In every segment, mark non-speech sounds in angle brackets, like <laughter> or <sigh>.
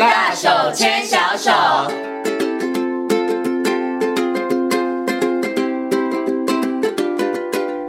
大手牽小手。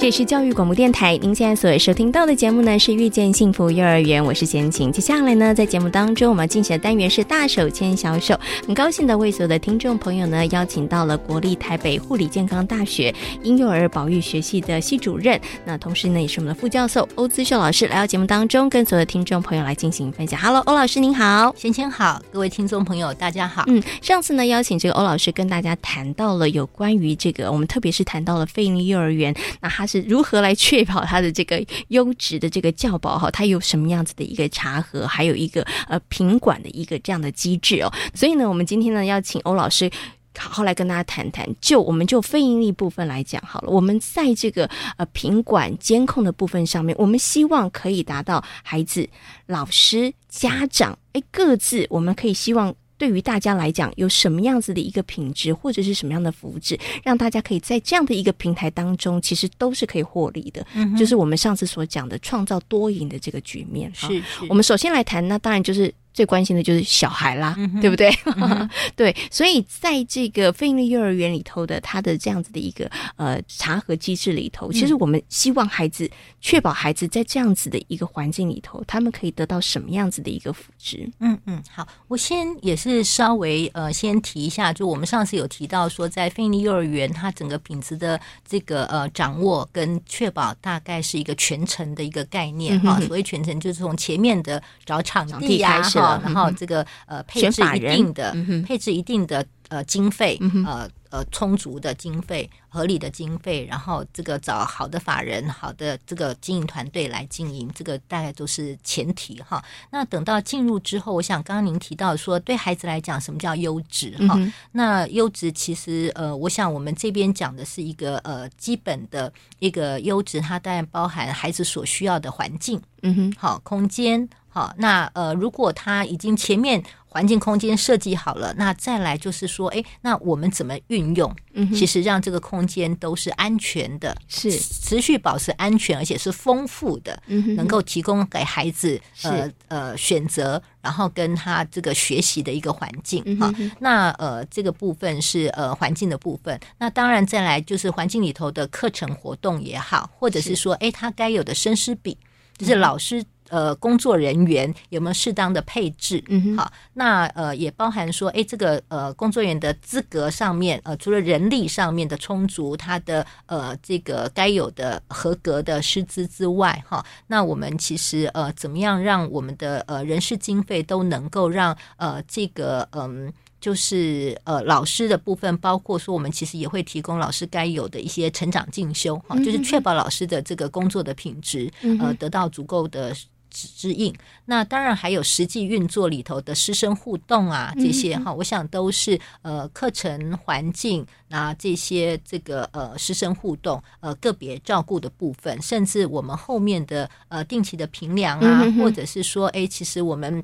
這裡是教育廣播電臺，您現在所收聽到的節目呢是《遇見幸福幼兒園》，我是賢青。接下來呢，在節目當中，我們要進行的單元是“大手牽小手”，很高興的為所有的聽眾朋友呢邀請到了國立臺北護理健康大學嬰幼兒保育學系的系主任，那同時呢也是我們的副教授歐姿秀老師來到節目當中，跟所有的聽眾朋友來進行分享。Hello，歐老師您好，賢青好，各位聽眾朋友大家好。嗯，上次呢邀請這個歐老師跟大家談到了有關於這個，我們特別是談到了非營利幼兒園，那他。是如何來確保它的這個優質的這個教保哈？它有什麼樣子的一個查核，還有一個呃品管的一個這樣的機制哦？所以呢，我們今天呢要請歐老師好好來跟大家談談。就我們就非營利部分來講好了，我們在這個呃品管監控的部分上面，我們希望可以達到孩子、老師、家長哎各自，我們可以希望。對於大家來講，有什麼樣子的一個品質，或者是什麼樣的福祉，讓大家可以在這樣的一個平台當中，其實都是可以獲利的。嗯哼，就是我們上次所講的創造多贏的這個局面。是，是，我們首先來談，那當然就是。最關心的就是小孩啦，嗯、哼對不對？嗯、哼 <laughs> 對，所以在這個非營利幼兒園裡頭的他的這樣子的一個呃查核機制裡頭，嗯、其實我們希望孩子確保孩子在這樣子的一個環境裡頭，他們可以得到什麼樣子的一個福祉？嗯嗯，好，我先也是稍微呃先提一下，就我們上次有提到說，在非營利幼兒園，它整個品質的這個呃掌握跟確保，大概是一個全程的一個概念啊。嗯、哼所謂全程，就是從前面的找場地開、啊、始。嗯啊，然後這個呃，配置一定的，配置一定的呃經費呃。呃，充足的經費、合理的經費，然後這個找好的法人、好的這個經營團隊來經營，這個大概都是前提哈。那等到進入之後，我想剛剛您提到說，對孩子來講，什麼叫優質哈？嗯哼。那優質其實呃，我想我們這邊講的是一個呃基本的一個優質，它當然包含孩子所需要的環境，嗯哼，好空間，好。那呃，如果他已經前面環境空間設計好了，那再來就是說，哎，那我們怎麼運？運用，其實讓這個空間都是安全的，是持續保持安全，而且是豐富的，能夠提供給孩子呃呃選擇，然後跟他這個學習的一個環境啊。那呃這個部分是呃環境的部分，那當然再來就是環境裡頭的課程活動也好，或者是說誒他該有的生師比，就是老師。呃，工作人員有沒有適當的配置？嗯哼，好，那呃，也包含說，誒、欸，這個呃，工作人員的資格上面，呃，除了人力上面的充足，他的呃，這個該有的合格的師資之外，哈，那我們其實呃，怎麼樣讓我們的呃人事經費都能夠讓呃這個嗯、呃，就是呃老師的部分，包括說我們其實也會提供老師該有的一些成長進修，哈、嗯哼，就是確保老師的這個工作的品質，嗯、哼呃，得到足夠的。紙制印，那當然還有實際運作裡頭的師生互動啊，這些哈，嗯、哼我想都是呃課程環境啊，這些這個呃師生互動、呃個別照顧的部分，甚至我們後面的呃定期的評量啊，嗯、哼哼，或者是說誒，其實我們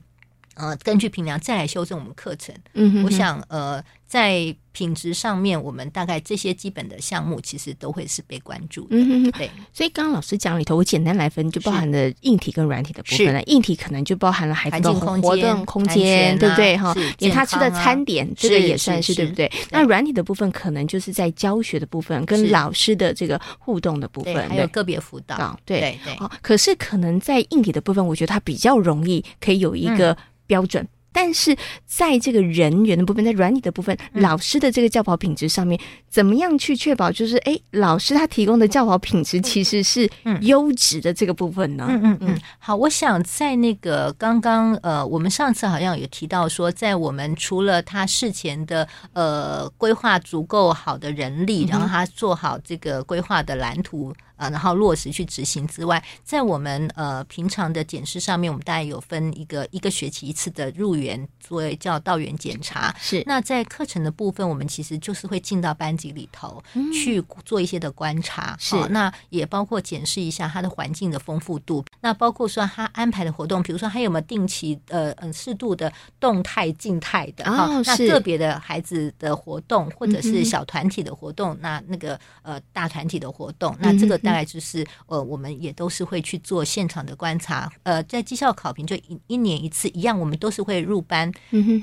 呃根據評量再來修正我們課程，嗯哼哼，我想呃。在品質上面，我們大概這些基本的項目，其實都會是被關注的。對，所以剛剛老師講裡頭，我簡單來分，就包含了硬體跟軟體的部分了。硬體可能就包含了環境、空間，對不對哈？以及他吃的餐點，這個也算是對不對？那軟體的部分，可能就是在教學的部分，跟老師的這個互動的部分，還有個別輔導，對對。好，可是可能在硬體的部分，我覺得它比較容易可以有一個標準。但是在這個人員的部分，在軟體的部分，嗯、老師的這個教保品質上面，怎麼樣去確保？就是誒、欸，老師他提供的教保品質其實是優質的這個部分呢？嗯嗯嗯，好，我想在那個剛剛呃，我們上次好像有提到說，在我們除了他事前的呃規劃足夠好的人力，然後他做好這個規劃的藍圖。嗯啊，然後落實去執行之外，在我們呃平常的檢視上面，我們大概有分一個一個學期一次的入園作為叫到園檢查。是。那在課程的部分，我們其實就是會進到班級裡頭去做一些的觀察。嗯、是、哦、那也包括檢視一下他的環境的豐富度，那包括說他安排的活動，比如說他有沒有定期呃嗯適度的動態靜態的哈，哦哦、那個別的孩子的活動或者是小團體的活動，嗯嗯那那個呃大團體的活動，嗯嗯那這個。 <noise> 大概就是，呃，我們也都是會去做現場的觀察，呃，在績效考評就一一年一次一樣，我們都是會入班，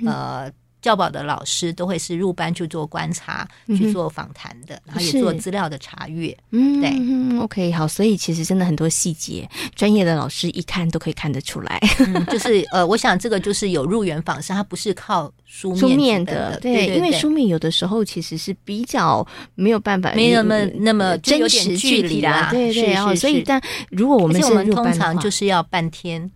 呃。 <noise> 教保的老師都會是入班去做觀察、去做訪談的，然後也做資料的查閱。嗯，對，OK，好，所以其實真的很多細節，專業的老師一看都可以看得出來。就是呃，我想這個就是有入園訪視，它不是靠書面的，對，因為書面有的時候其實是比較沒有辦法，沒那麼那麼真實距離啦。對對。所以但如果我們我們通常就是要半天，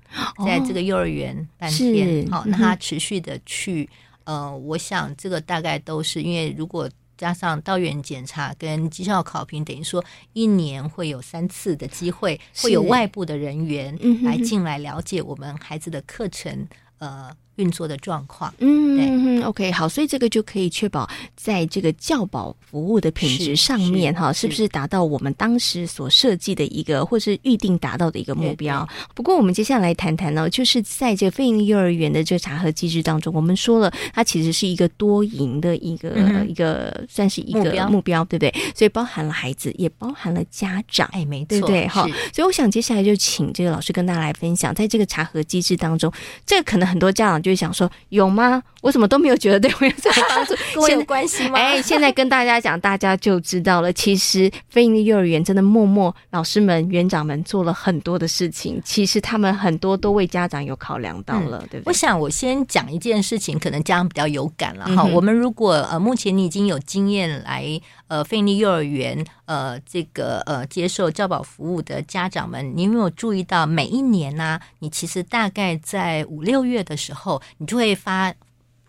在這個幼兒園半天，好，那他持續的去。呃，我想這個大概都是因為，如果加上到園檢查跟績效考評，等於說一年會有三次的機會，是會有外部的人員來進來了解我們孩子的課程，呃。運作的狀況、嗯，嗯，嗯，OK，好，所以這個就可以確保在這個教保服務的品質上面，哈，是，是，是不是達到我們當時所設計的一個或是預定達到的一個目標？不過我們接下來談談呢，就是在這個非營利幼兒園的這個查核機制當中，我們說了，它其實是一個多贏的一個、嗯、哼一個算是一個目標，目標，對不對，對？所以包含了孩子，也包含了家長，哎、欸，沒錯，對哈。好是所以我想接下來就請這個老師跟大家來分享，在這個查核機制當中，這個可能很多家長就想說有嗎？我怎麼都沒有覺得對我有這個幫助， <laughs> 跟我有關係嗎？ <laughs> 哎，現在跟大家講，大家就知道了。其實非營利幼兒園真的默默老師們、園長們做了很多的事情，其實他們很多都為家長有考量到了，嗯、對，對我想我先講一件事情，可能家長比較有感了哈、嗯哼。我們如果呃，目前你已經有經驗來呃非營利幼兒園。呃，這個呃，接受教保服務的家長們，你有沒有注意到，每一年呢？啊，你其實大概在五六月的時候，你就會發。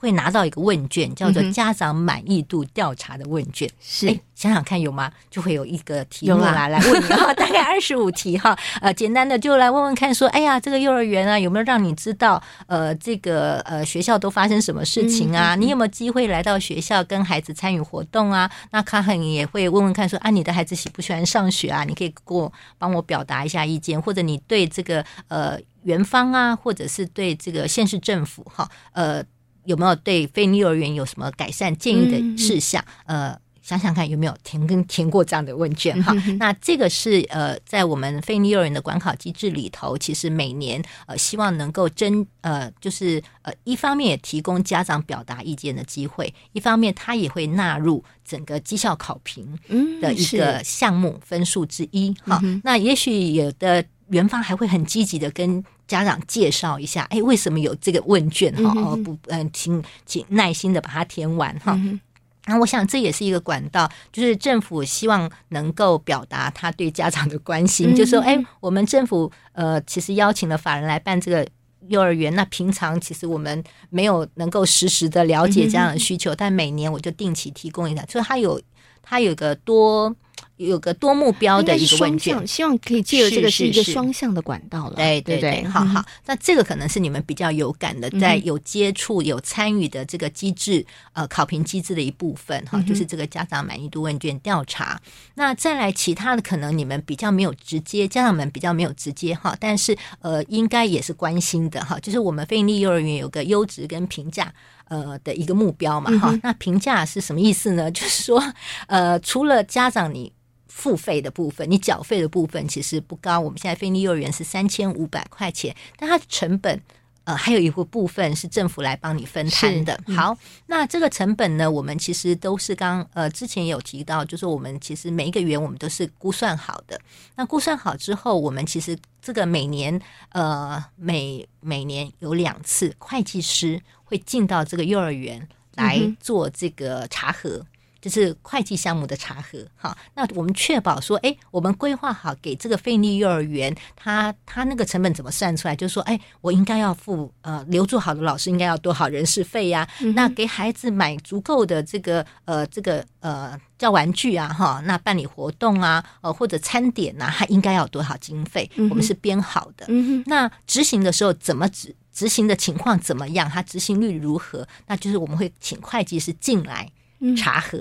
會拿到一個問卷，叫做家長滿意度調查的問卷。是、嗯哼，想想看有嗎？就會有一個題目來、啊、來問你哈， <laughs> 大概二十五題哈。呃，簡單的就來問問看說，說哎呀，這個幼兒園啊，有沒有讓你知道呃，這個呃學校都發生什麼事情啊？嗯、哼你有沒有機會來到學校跟孩子參與活動啊？那卡很、ah、也會問問看說，說啊，你的孩子喜不喜歡上學啊？你可以給我幫我表達一下意見，或者你對這個呃園方啊，或者是對這個縣市政府哈，呃。有沒有對非營幼兒園有什麼改善建議的事項？嗯、呃，想想看有沒有填跟填過這樣的問卷、嗯、哼哈？那這個是呃，在我們非營幼兒園的管考機制裡頭，其實每年呃希望能夠真呃，就是呃一方面也提供家長表達意見的機會，一方面它也會納入整個績效考評的一個項目分數之一哈。那也許有的。園方還會很積極的跟家長介紹一下，哎，為什麼有這個問卷哈？嗯、哼哦，不，嗯、呃，請請耐心的把它填完哈。那、哦嗯哼啊、我想這也是一個管道，就是政府希望能夠表達他對家長的關心，嗯、哼就是說，哎，我們政府呃，其實邀請了法人來辦這個幼兒園，那平常其實我們沒有能夠實時的了解家長的需求，嗯、哼但每年我就定期提供一下，所以他有他有一個多。有個多目標的一個問卷，希望可以借由這個是一個雙向的管道了。是是是對對對，嗯、哼好好。那這個可能是你們比較有感的，在有接觸、有參與的這個機制，呃，考評機制的一部分哈，嗯、哼就是這個家長滿意度問卷調查。嗯、哼那再來其他的，可能你們比較沒有直接，家長們比較沒有直接哈，但是呃，應該也是關心的哈、呃。就是我們非營利幼兒園有個優質跟評價呃的一個目標嘛哈。呃嗯、哼那評價是什麼意思呢？就是說呃，除了家長你。付費的部分，你繳費的部分其實不高。我們現在非營利幼兒園是三千五百塊錢，但它的成本呃還有一個部分是政府來幫你分攤的。嗯、好，那這個成本呢，我們其實都是剛呃之前有提到，就是我們其實每一個園我們都是估算好的。那估算好之後，我們其實這個每年呃每每年有兩次，會計師會進到這個幼兒園來做這個查核。嗯就是會計項目的查核，哈，那我們確保說，哎，我們規劃好給這個非營利幼兒園，他他那個成本怎麼算出來？就是說，哎，我應該要付呃，留住好的老師應該要多少人事費呀、啊？嗯、哼那給孩子買足夠的這個呃，這個呃教玩具啊，哈、哦，那辦理活動啊，呃或者餐點吶、啊，他應該要多少經費？嗯、哼我們是編好的。嗯、哼那執行的時候怎麼執？執行的情況怎麼樣？他執行率如何？那就是我們會請會計師進來。查核，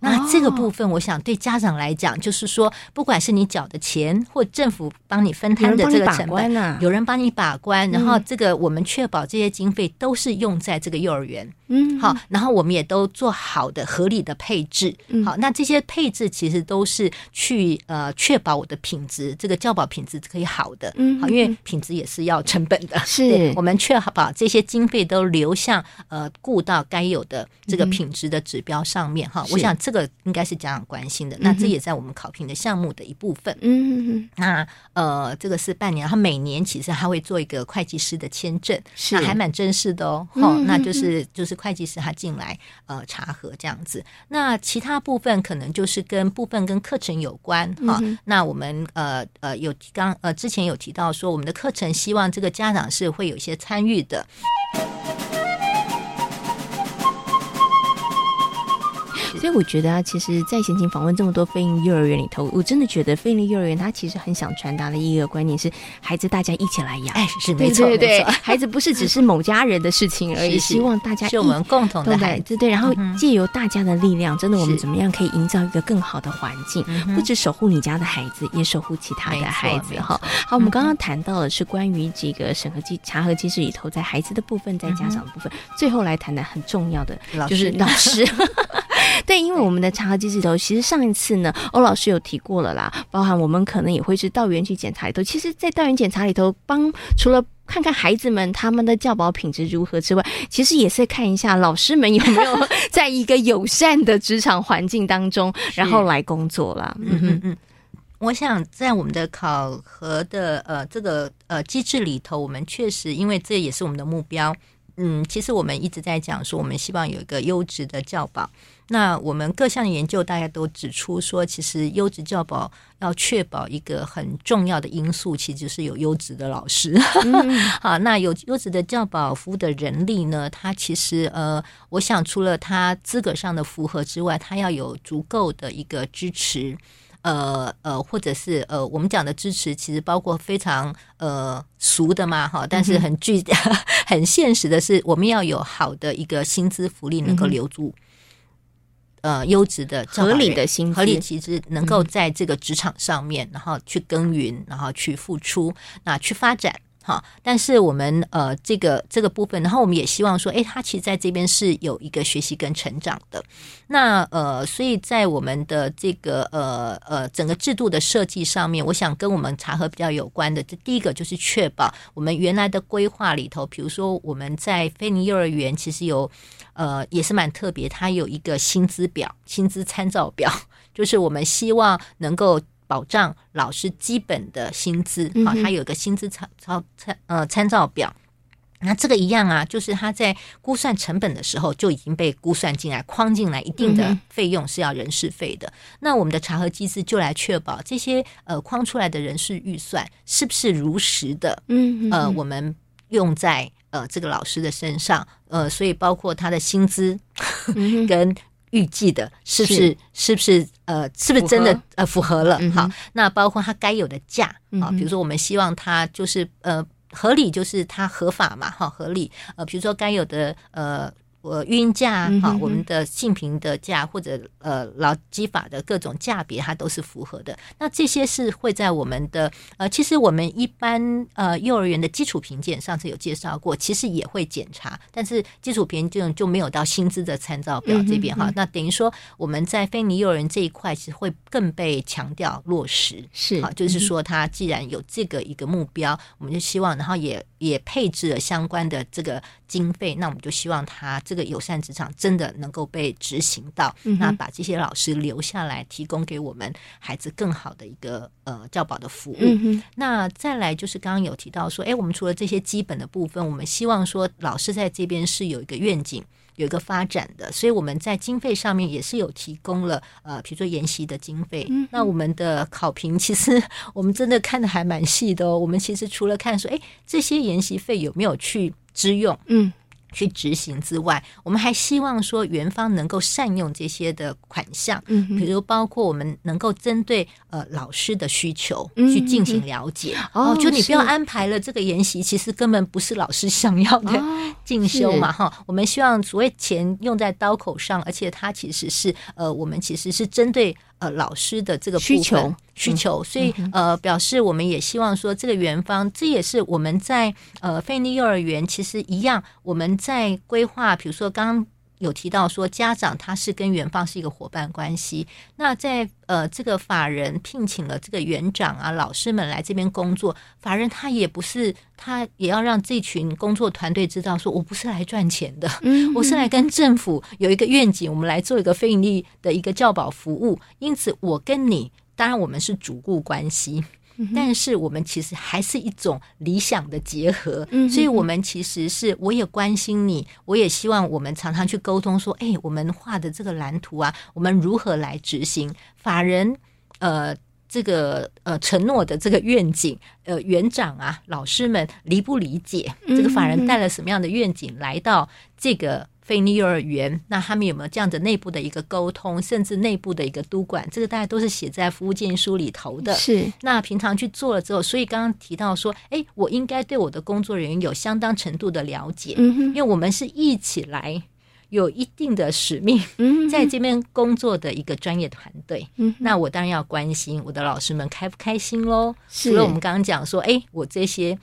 那這個部分，我想對家長來講，就是說，不管是你繳的錢，或政府幫你分攤的這個成本，有人幫你把關、啊、有人幫你把關，然後這個我們確保這些經費都是用在這個幼兒園。嗯，好，然後我們也都做好的合理的配置，好，那這些配置其實都是去呃確保我的品質，這個教保品質可以好的，嗯，好，因為品質也是要成本的，是我們確保把這些經費都流向呃顧到該有的這個品質的指標上面哈。嗯、哼我想這個應該是家長關心的，是那這也在我們考評的項目的一部分。嗯哼，嗯嗯。那呃，這個是半年，然後每年其實他會做一個會計師的簽證，是那還蠻正式的哦。好，那就是嗯嗯嗯就是。會計師他進來呃查核這樣子，那其他部分可能就是跟部分跟課程有關哈、嗯哼哦。那我們呃呃有剛呃之前有提到說，我們的課程希望這個家長是會有一些參與的。所以我覺得啊，其實，在先前訪問這麼多非營利幼兒園裡頭，我真的覺得非營利幼兒園它其實很想傳達的一個觀念是：孩子大家一起來養，哎，是對對對，孩子不是只是某家人的事情而已，希望大家我們共同的孩子，對，然後借由大家的力量，真的我們怎麼樣可以營造一個更好的環境？不只守護你家的孩子，也守護其他的孩子哈。好，我們剛剛談到的是關於這個審核機查核機制裡頭，在孩子的部分，在家長的部分，最後來談談很重要的，就是老師。對，因為我們的查核機制裡頭，其實上一次呢，歐老師有提過了啦，包含我們可能也會是到園區檢查裡頭。其實，在到園檢查裡頭幫，幫除了看看孩子們他們的教保品質如何之外，其實也是看一下老師們有沒有 <laughs> 在一個友善的職場環境當中，是然後來工作啦。嗯嗯嗯，我想在我們的考核的呃這個呃機制裡頭，我們確實因為這也是我們的目標。嗯，其實我們一直在講說，我們希望有一個優質的教保。那我們各項研究大家都指出說，其實優質教保要確保一個很重要的因素，其實是有優質的老師。嗯、 <laughs> 好，那有優質的教保服務的人力呢？它其實呃，我想除了他資格上的符合之外，他要有足夠的一個支持。呃呃，或者是呃，我們講的支持其實包括非常呃俗的嘛哈，但是很具、嗯、哼 <laughs> 很現實的是，我們要有好的一個薪資福利，能夠留住、嗯、哼呃優質的、合理的薪資，合理合理其實能夠在這個職場上面，嗯、然後去耕耘，然後去付出，那、啊、去發展。好，但是我們呃這個這個部分，然後我們也希望說，誒，他其實在這邊是有一個學習跟成長的。那呃，所以在我們的這個呃呃整個制度的設計上面，我想跟我們查核比較有關的，這第一個就是確保我們原來的規劃裡頭，比如說我們在非營利幼兒園，其實有呃也是蠻特別，它有一個薪資表、薪資參照表，就是我們希望能夠。保障老師基本的薪資啊，他、嗯、哼有一個薪資參參呃參照表。那這個一樣啊，就是他在估算成本的時候就已經被估算進來、框進來一定的費用是要人事費的。嗯、哼那我們的查核機制就來確保這些呃框出來的人事預算是不是如實的。嗯哼，呃，我們用在呃這個老師的身上，呃，所以包括他的薪資 <laughs> 跟。預計的是不是是，是不是呃是不是真的符合呃符合了？嗯、哼好，那包括它該有的價啊、哦，比如說我們希望它就是呃合理，就是它合法嘛，好、哦、合理呃，比如說該有的呃。呃，孕假哈，我們的性平的假或者呃勞基法的各種假別，它都是符合的。那這些是會在我們的呃，其實我們一般呃幼兒園的基礎評鑑上次有介紹過，其實也會檢查，但是基礎評鑑就沒有到薪資的參照表這邊哈。那等於說，我們在非營利幼兒園這一塊，其實會更被強調落實。是好，就是說，它既然有這個一個目標，嗯、哼我們就希望，然後也也配置了相關的這個經費，那我們就希望它。這個友善職場真的能夠被執行到，嗯、哼那把這些老師留下來，提供給我們孩子更好的一個呃教保的服務。嗯、哼那再來就是剛剛有提到說，哎，我們除了這些基本的部分，我們希望說老師在這邊是有一個願景，有一個發展的，所以我們在經費上面也是有提供了呃，比如說研習的經費。嗯、哼那我們的考評其實我們真的看得還蠻細的哦。我們其實除了看說，哎，這些研習費有沒有去支用？嗯。去執行之外，我們還希望說，園方能夠善用這些的款項，比、嗯、哼如包括我們能夠針對呃老師的需求去進行了解嗯嗯哦，哦是就你不要安排了這個研習，其實根本不是老師想要的進修嘛、哦、哈。我們希望所謂錢用在刀口上，而且它其實是呃，我們其實是針對。呃，老師的這個需求，需求，所以、嗯嗯、呃，表示我們也希望說，這個園方，這也是我們在呃非營利幼兒園，其實一樣，我們在規劃，比如說剛。有提到說，家長他是跟園方是一個夥伴關係。那在呃，這個法人聘請了這個園長啊，老師們來這邊工作，法人他也不是，他也要讓這群工作團隊知道，說我不是來賺錢的，mm hmm. 我是來跟政府有一個願景，我們來做一個非營利的一個教保服務。因此，我跟你，當然我們是主顧關係。但是我們其實還是一種理想的結合，所以我們其實是，我也關心你，我也希望我們常常去溝通，說，哎、欸，我們畫的這個藍圖啊，我們如何來執行法人呃這個呃承諾的這個願景？呃，園長啊，老師們理不理解這個法人帶了什麼樣的願景來到這個？非營利幼兒園，那他們有沒有這樣子內部的一個溝通，甚至內部的一個督管？這個大家都是寫在服務建議書裡頭的。是。那平常去做了之後，所以剛剛提到說，誒、欸，我應該對我的工作人員有相當程度的了解。嗯、哼因為我們是一起來有一定的使命，在這邊工作的一個專業團隊。嗯、哼那我當然要關心我的老師們開不開心嘍。是除所以我們剛剛講說，誒、欸，我這些。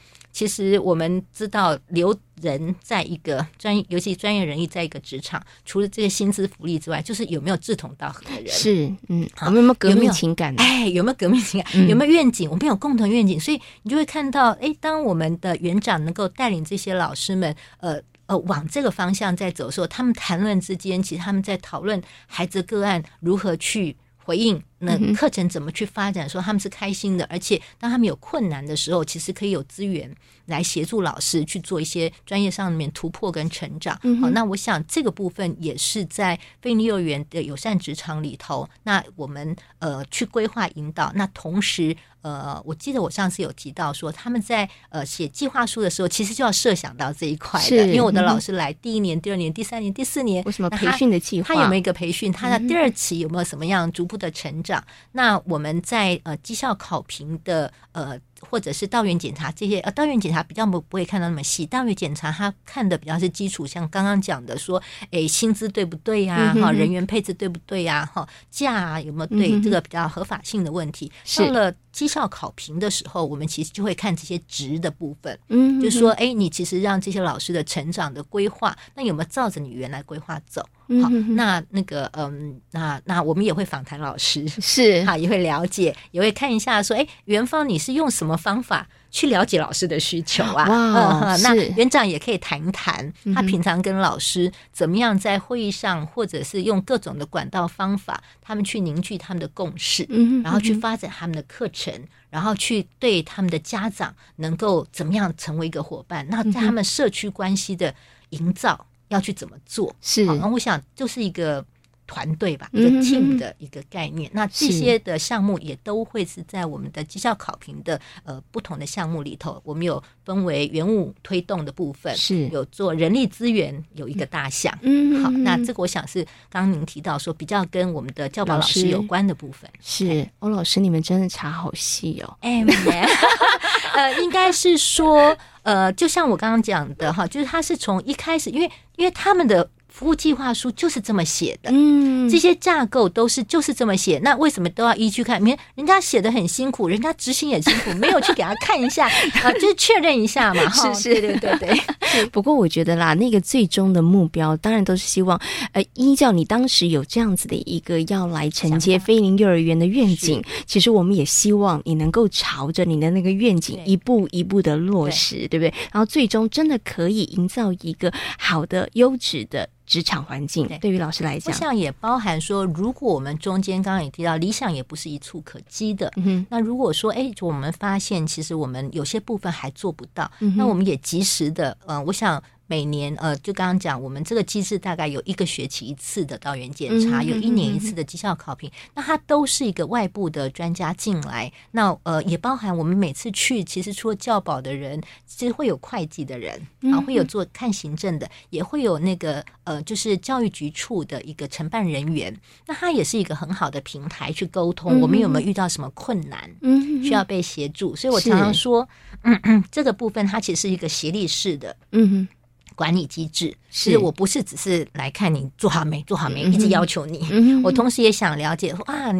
其實我們知道留人在一個專，尤其，專業人員在一個職場，除了這個薪資福利之外，就是有沒有志同道合的人，是，嗯，好我們有沒有革命情感呢？哎，有沒有革命情感？嗯、有沒有願景？我們有共同願景，所以你就會看到，哎，當我們的園長能夠帶領這些老師們，呃呃，往這個方向在走的時候，他們談論之間，其實他們在討論孩子個案如何去回應。那課程怎麼去發展？說他們是開心的，而且當他們有困難的時候，其實可以有資源來協助老師去做一些專業上面突破跟成長。嗯、哼好，那我想這個部分也是在非營利幼兒園的友善職場裡頭，那我們呃去規劃引導。那同時呃，我記得我上次有提到說，他們在呃寫計劃書的時候，其實就要設想到這一塊的，是因為我的老師來第一年、嗯、哼第二年、第二年、第三年、第四年，為什麼培訓的計劃他？他有沒有一個培訓？他的第二期有沒有什麼樣逐步的成長？嗯啊、那我們在呃績效考評的呃，或者是到園檢查這些呃，到園檢查比較不不會看到那麼細，到園檢查他看的比較是基礎，像剛剛講的說，誒薪資對不對呀、啊？哈、嗯哼，人員配置對不對呀？哈，價、啊、有沒有對、嗯、哼這個比較合法性的問題。是到了績效考評的時候，我們其實就會看這些值的部分，嗯哼，就說誒你其實讓這些老師的成長的規劃，那有沒有照着你原來規劃走？好，那那個，嗯，那那我們也會訪談老師，是，哈，也會了解，也會看一下，說，哎、欸，園方，你是用什麼方法去了解老師的需求啊？哇，那園長也可以談一談，他平常跟老師怎麼樣在會議上，或者是用各種的管道方法，他們去凝聚他們的共識，嗯哼嗯哼，然後去發展他們的課程，然後去對他們的家長能夠怎麼樣成為一個夥伴，那在他們社區關係的營造。嗯要去怎麼做？是、哦，那我想就是一個團隊吧，嗯、一個 team 的一個概念。嗯、那這些的項目也都會是在我們的績效考評的呃不同的項目裡頭，我們有分為業務推動的部分，是有做人力資源有一個大項。嗯，好，嗯、那這個我想是剛剛您提到說比較跟我們的教保老師有關的部分。師 okay 是，歐老師，你們真的查好細哦。哎 <laughs> <laughs> 呃，應該是說，呃，就像我剛剛講的哈，就是他是從一開始，因為因為他們的。服務計劃書就是這麼寫的，嗯，這些架構都是就是這麼寫。嗯、那為什麼都要依據看？你看人家寫的很辛苦，人家執行也辛苦，沒有去給他看一下啊、 <laughs> 呃，就是確認一下嘛。 <laughs> 哦，是是對對對，對是。是不過我覺得啦，那個最終的目標當然都是希望，呃，依照你當時有這樣子的一個要來承接非營利幼兒園的願景，其實我們也希望你能夠朝着你的那個願景一步一步的落實，對，對，對不對？然後最終真的可以營造一個好的優質的。職場環境對於老師來講，我想也包含說，如果我們中間剛剛也提到，理想也不是一蹴可及的。嗯、哼那如果說，哎、欸，我們發現其實我們有些部分還做不到，嗯、哼那我們也及時的，嗯、呃，我想。每年呃，就剛剛講，我們這個機制，大概有一個學期一次的到園檢查，嗯、哼有一年一次的績效考評，嗯、哼那它都是一個外部的專家進來，那呃也包含我們每次去，其實除了教保的人，其實會有會計的人，啊、嗯哼，然後會有做看行政的，也會有那個呃，就是教育局處的一個承辦人員，那它也是一個很好的平台去溝通，嗯、哼我們有沒有遇到什麼困難，嗯、哼需要被協助，所以我常常說，是嗯嗯，這個部分它其實是一個協力式的，嗯哼。管理機制是我不是只是來看你做好沒是做好沒，一直要求你。嗯、哼我同時也想了解啊。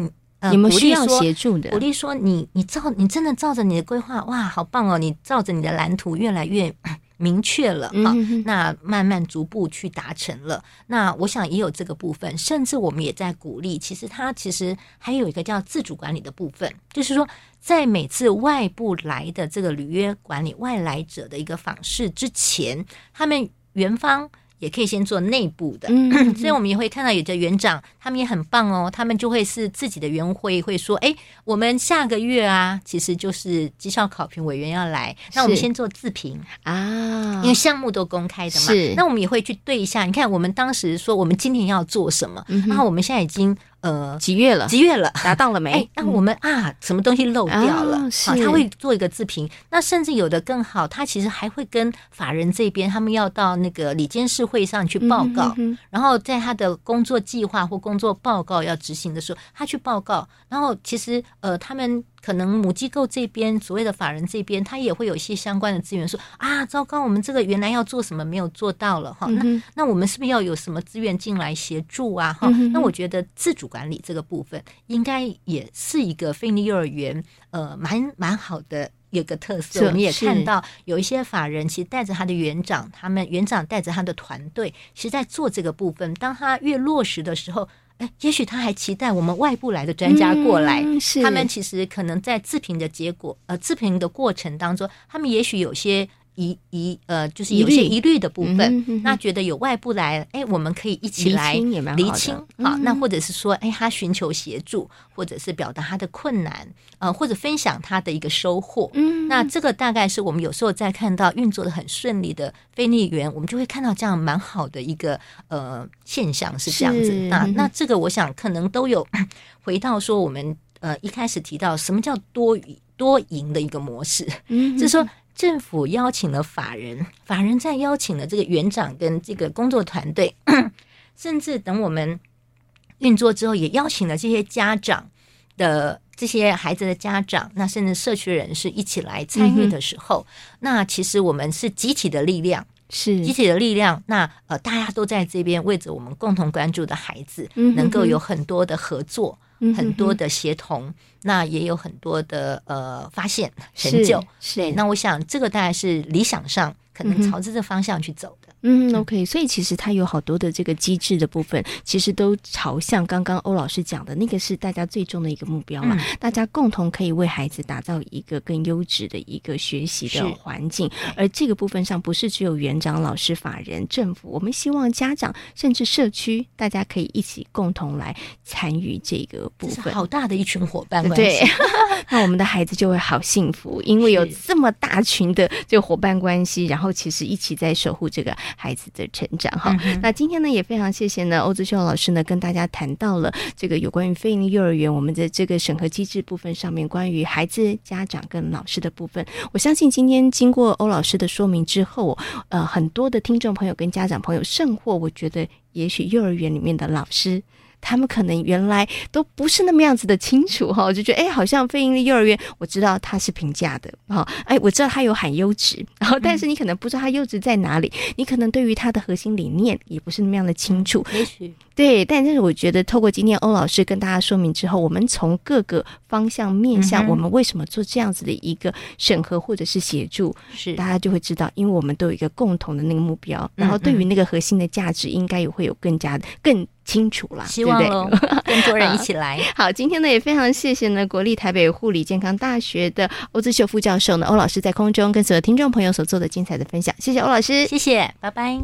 你們需要協助的鼓勵說你，你你照你真的照着你的規劃，哇，好棒哦！你照着你的藍圖越來越明確了啊，嗯、哼那慢慢逐步去達成了。那我想也有這個部分，甚至我們也在鼓勵。其實它其實還有一個叫自主管理的部分，就是說在每次外部來的這個履約管理外來者的一個訪視之前，他們園方。也可以先做內部的， <coughs> 所以我們也會看到有的園長他們也很棒哦，他們就會是自己的園會會說，哎、欸，我們下個月啊，其實就是績效考評委員要來，那我們先做自評啊，因為項目都公開的嘛，是那我們也會去對一下。你看，我們當時說我們今年要做什麼，嗯、哼然後我們現在已經。呃，幾月了？幾月了？達到了沒？哎、那我們、嗯、啊，什麼東西漏掉了？好、哦啊，他會做一個自評。那甚至有的更好，他其實還會跟法人這邊，他們要到那個理監事會上去報告。嗯哼嗯哼。然後在他的工作計劃或工作報告要執行的時候，他去報告。然後其實呃，他們。可能母機構這邊所謂的法人這邊，他也會有一些相關的資源，說啊，糟糕，我們這個原來要做什麼沒有做到了哈。那那我們是不是要有什麼資源進來協助啊？哈，那我覺得自主管理這個部分，應該也是一個非營利幼兒園呃，蠻蠻好的一個特色。我們也看到有一些法人其實帶着他的園長，他們園長帶着他的團隊，其實在做這個部分。當他越落實的時候。哎，也許他還期待我們外部來的專家過來，嗯、他們其實可能在自評的結果，呃，自評的過程當中，他們也許有些。疑疑呃，就是有一些疑慮的部分，慮那覺得有外部來，哎、欸，我們可以一起來釐清,清，啊，那或者是說，哎、欸，他尋求協助，或者是表達他的困難，呃，或者分享他的一個收穫，嗯、那這個大概是我們有時候在看到運作得很順利的非營園，我們就會看到這樣蠻好的一個呃現象，是這樣子，是那那這個我想可能都有回到說我們呃一開始提到什麼叫多贏多贏的一個模式，嗯，就是說。政府邀請了法人，法人在邀請了這個園長跟這個工作團隊，甚至等我們運作之後，也邀請了這些家長的這些孩子的家長，那甚至社區人士一起來參與的時候，嗯、哼那其實我們是集體的力量，是集體的力量。那呃，大家都在這邊為着我們共同關注的孩子，能夠有很多的合作。很多的協同，那也有很多的呃發現成就，是是對。那我想這個大概是理想上，可能朝着這方向去走。嗯，OK，所以其實它有好多的這個機制的部分，嗯、其實都朝向剛剛歐老師講的那個是大家最終的一個目標嘛？嗯、大家共同可以為孩子打造一個更優質的一個學習的環境，是而這個部分上不是只有園長、老師、法人、政府，我們希望家長甚至社區大家可以一起共同來參與這個部分，這是好大的一群夥伴關係，對，那我們的孩子就會好幸福，因為有這麼大群的這個夥伴關係，是然後其實一起在守護這個。孩子的成長哈，嗯嗯，那今天呢，也非常謝謝呢歐姿秀老師呢跟大家談到了這個有關於非營利幼兒園我們的這個審核機制部分上面關於孩子家長跟老師的部分，我相信今天經過歐老師的說明之後，呃，很多的聽眾朋友跟家長朋友，甚或我覺得也許幼兒園裡面的老師。他們可能原來都不是那麼樣子的清楚哈，我就覺得誒、欸，好像非營利幼兒園，我知道它是平價的哈，誒、欸，我知道它有很優質，然後但是你可能不知道它優質在哪裡，嗯、你可能對於它的核心理念也不是那麼樣的清楚。也許許對，但是我覺得透過今天歐老師跟大家說明之後，我們從各個方向面向、嗯、哼我們為什麼做這樣子的一個審核或者是協助，是大家就會知道，因為我們都有一個共同的那個目標，然後對於那個核心的價值，應該也會有更加更。清楚啦，希望嘍，對對，更多人一起來。 <laughs> 好，好，今天呢也非常謝謝呢國立台北護理健康大學的歐姿秀副教授呢，歐老師在空中跟所有聽眾朋友所做的精彩的分享，謝謝歐老師，謝謝，拜拜。